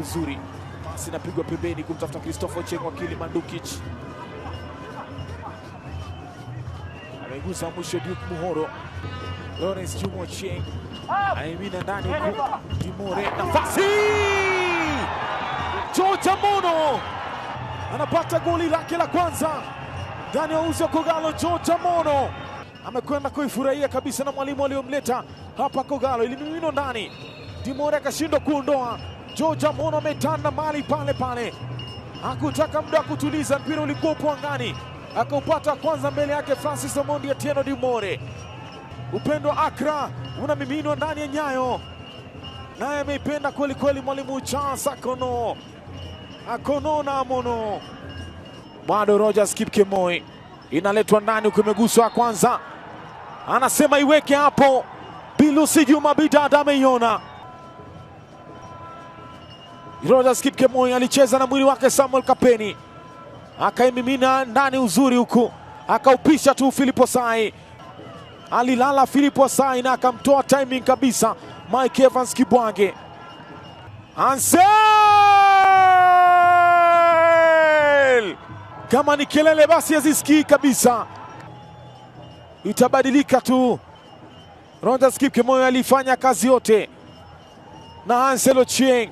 uzuri. Pasi inapigwa pembeni kumtafuta Christopher Cheng wakili Mandukich. Amegusa mwisho Duke Muhoro. Lawrence Jumo Cheng aimina ndani huku Dimore, nafasi. George Amono anapata goli lake la kwanza ndani ya uzi wa Kogalo. George Amono amekwenda kuifurahia kabisa na mwalimu aliyomleta hapa Kogalo, ilimiminwa ndani, dimore akashindwa kuondoa joja Mono ametanda mali pale pale, hakutaka muda wa kutuliza, mpira ulikuwa upo angani, akaupata kwanza mbele yake Francis Omondi Atieno Dimore. Upendo akra unamiminwa ndani ya nyayo, naye ameipenda kweli kweli mwalimu Charles Akono. Akono na Amono, bado Rogers Kipkemoi inaletwa ndani, ukimeguswa kwanza, anasema iweke hapo. Bilusi Juma Bidada ameiona Rogers Kipkemoi alicheza na mwili wake Samuel Kapeni, akaimimina ndani uzuri huku, akaupisha tu Filipo sai alilala filipo sai na akamtoa timing kabisa Mike Evans Kibwange. Ansel! Kama ni kelele basi hazisikii kabisa, itabadilika tu. Rogers Kipkemoi alifanya kazi yote na Ansel Ochieng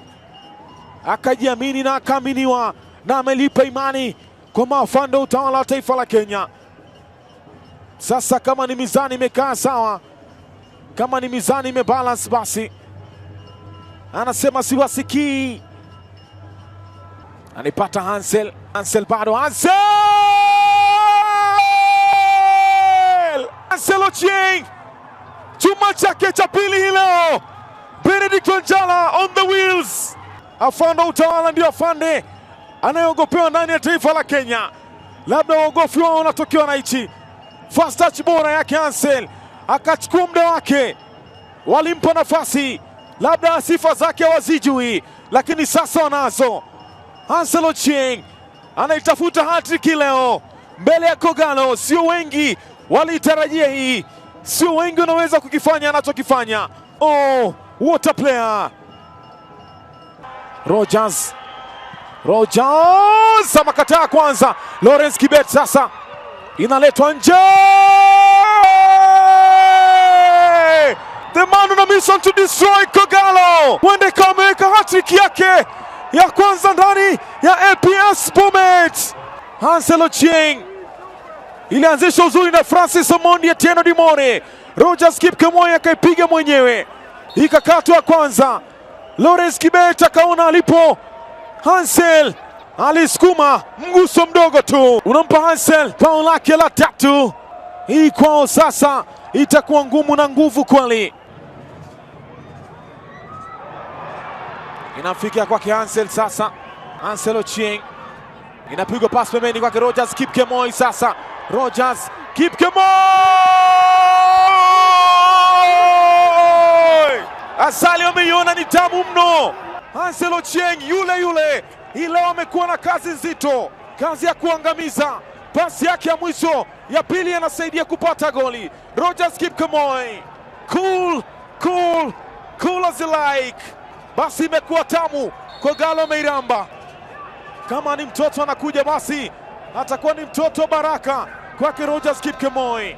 akajiamini na akaaminiwa na amelipa imani kwa mafando utawala wa taifa la Kenya. Sasa kama ni mizani imekaa sawa, kama ni mizani imebalance, basi anasema siwasikii. Anaipata Hansel, Hansel bado, Hansel Hansel Ochieng, chuma chake cha pili hilo, Benedict Wanjala on the wheels afando utawala ndio afande anayeogopewa ndani ya taifa la Kenya. Labda uogofi wao unatokewa na hichi first touch bora yake Ansel, akachukua muda wake, walimpa nafasi, labda sifa zake wazijui, lakini sasa wanazo. Ansel Ochieng anaitafuta hatrick leo mbele ya Kogalo. Sio wengi waliitarajia hii, sio wengi wanaweza kukifanya anachokifanya. Oh, what a player! Rogers, Rogers amakataa kwanza. Lawrence Kibet sasa inaletwa nje, the man on a mission to destroy Kogalo, huenda ikawa ameweka hatrick yake ya kwanza ndani ya APS Bomet. Hansel Ochieng ilianzisha uzuri na Francis Omondi Etieno Dimore, Rogers Kipkemoi akaipiga mwenyewe, ikakatwa kwanza Lawrence Kibet akaona alipo Hansel alisukuma mguso mdogo tu, unampa Hansel bao lake la tatu. Hii kwao sasa itakuwa ngumu na nguvu kweli. inafikia kwake Hansel sasa, Hansel Ochieng inapigwa pasi pembeni kwake Rogers Kipkemoi. Sasa Rogers Kipkemoi Asali wameiona ni tabu mno. Hansel Ochieng yule yule, hii leo amekuwa na kazi nzito, kazi ya kuangamiza. Pasi yake ya mwisho ya pili anasaidia kupata goli. Rogers Kipkemoi, cool, cool, cool as you like. Basi imekuwa tamu kwa Galo Meiramba. Kama ni mtoto anakuja, basi atakuwa ni mtoto baraka kwake Rogers Kipkemoi.